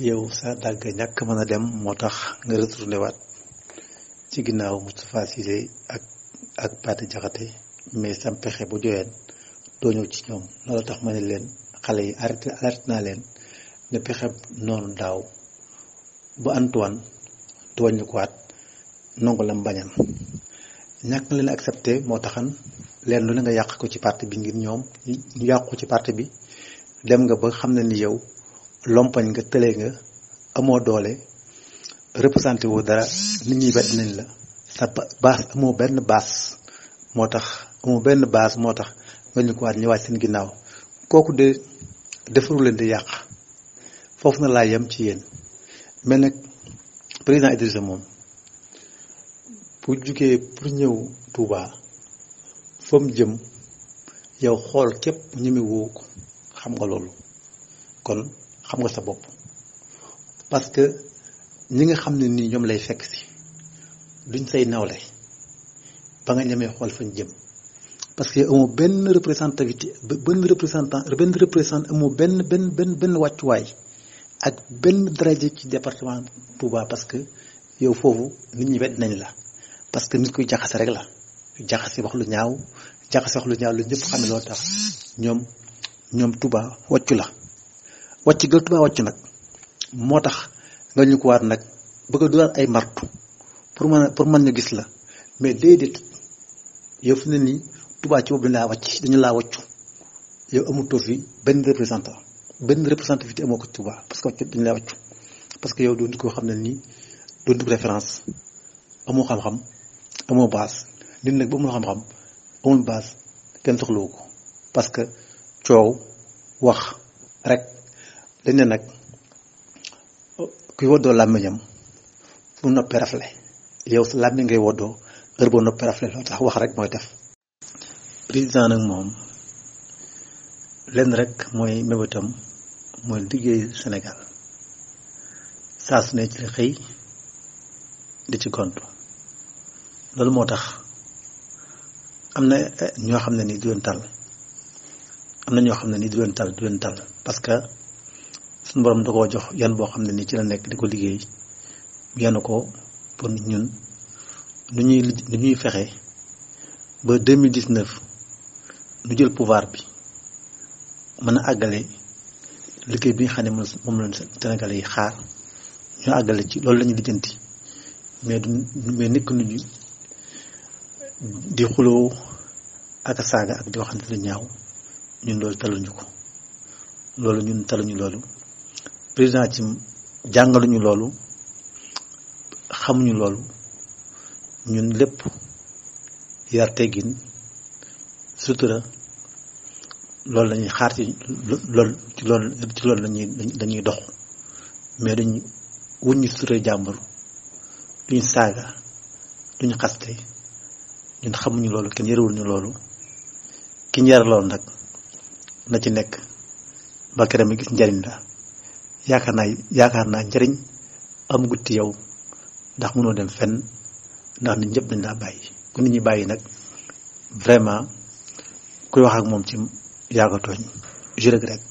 yow sa dàgg ñàkk mën a dem moo tax nga retourné waat ci ginnaaw Moustapha Cissé ak ak Pate Diakhaté mais sam pexe bu joyeen doo ñëw ci ñoom loolu tax ma ne leen xale yi arrêté naa leen ne pexe noonu daaw bu Antoine tooñu ko waat nangu lam bañal ñàkk leen accepté moo taxan leen lu ne nga yàq ko ci parti bi ngir ñoom ñu yàq ci parti bi dem nga ba xam ne ni yow lompañ nga tële nga amoo doole représenté woo dara nit ñi ba nañ la sa baas amoo benn baas moo tax amoo benn baas moo tax nga ñu ko waat ñëwaat seen ginnaaw kooku de defaru leen di yàq foofu na laa yem ci yéen mais nag président Idrissa moom pour jugee pour ñëw Touba foom jëm yow xool képp ñeme woo ko xam nga loolu kon xam nga sa bopp parce que ñi nga xam ne nii ñoom lay fekk si duñ say nawle ba nga ñemee xool fañ jëm parce que amoo benn représentativité benn représentant benn représentant amoo benn benn benn benn wàccuwaay ak benn daraja ci département Touba parce que yow foofu nit ñi wedd nañ la parce que nit kuy jaxase rek la jaxase wax lu ñaaw jaxase wax lu ñaaw lu ñëpp xam ne loo tax ñoom ñoom Touba wàccu la wàcc gël Tuubaa wàcc nag moo tax nga nu ko waat nag bëgg du dulaat ay martu pour mën a pour man ñu gis la mais déedéet yow fi ne nii Tuubaa ci boobu dañu laa wàcc dañu laa wàccu yow amutoo fi benn représentant benn représentativité amoo ko tubaa parce que wàcc dañu laa wàccu parce que yow doo nit koo xam ne nii doo nit référence amoo xam-xam amoo base nit nag ba amul xam-xam amul base kenn soxlawu ko parce que coow wax rek dañ nag kuy woddoo làmmiñam bu noppee le yow sa làmmiñ ngay woddoo heure boo noppee rafle loo tax wax rek mooy def président nag moom lenn rek mooy mébétam mooy liggéey Sénégal saa su ne ci xëy di ci gontu loolu moo tax am na eh, ñoo xam ne ni du leen tal am na ñoo xam ne nii du leen tal du leen tal parce suñu borom da koo jox yan boo xam ne ni ci la nekk di ko liggéey yenn ko pour ñun nu ñuy nu ñuy fexe ba 2019 nu jël pouvoir bi mën a àggale liggéey bi nga xam ne moom la Sénégalais yi xaar ñu àggale ci loolu lañu lijjanti mais du mais nekk nuñu di xuloo ak saaga ak di waxante lu ñaaw ñun loolu taluñu ko loolu ñun taluñu loolu président ci jàngaluñu loolu xamuñu loolu ñun lépp yar teggin sutura loolu lañuy xaar ci loolu ci loolu lañuy lañuy dox mais duñ wuññi sutura jàmbur duñu saaga duñ xaste ñun xamuñu loolu kenn yarewul ñu loolu ki ñu yar loolu nag na ci nekk ba këram gis njariñ la yaakaar naa yaakaar naa njëriñ am gutti yow ndax mënoo dem fen ndax nit ñëpp dañ laa bàyyi ku nit ñi bàyyi nag vraiment kuy wax ak moom ci yaa ko tooñ je regrette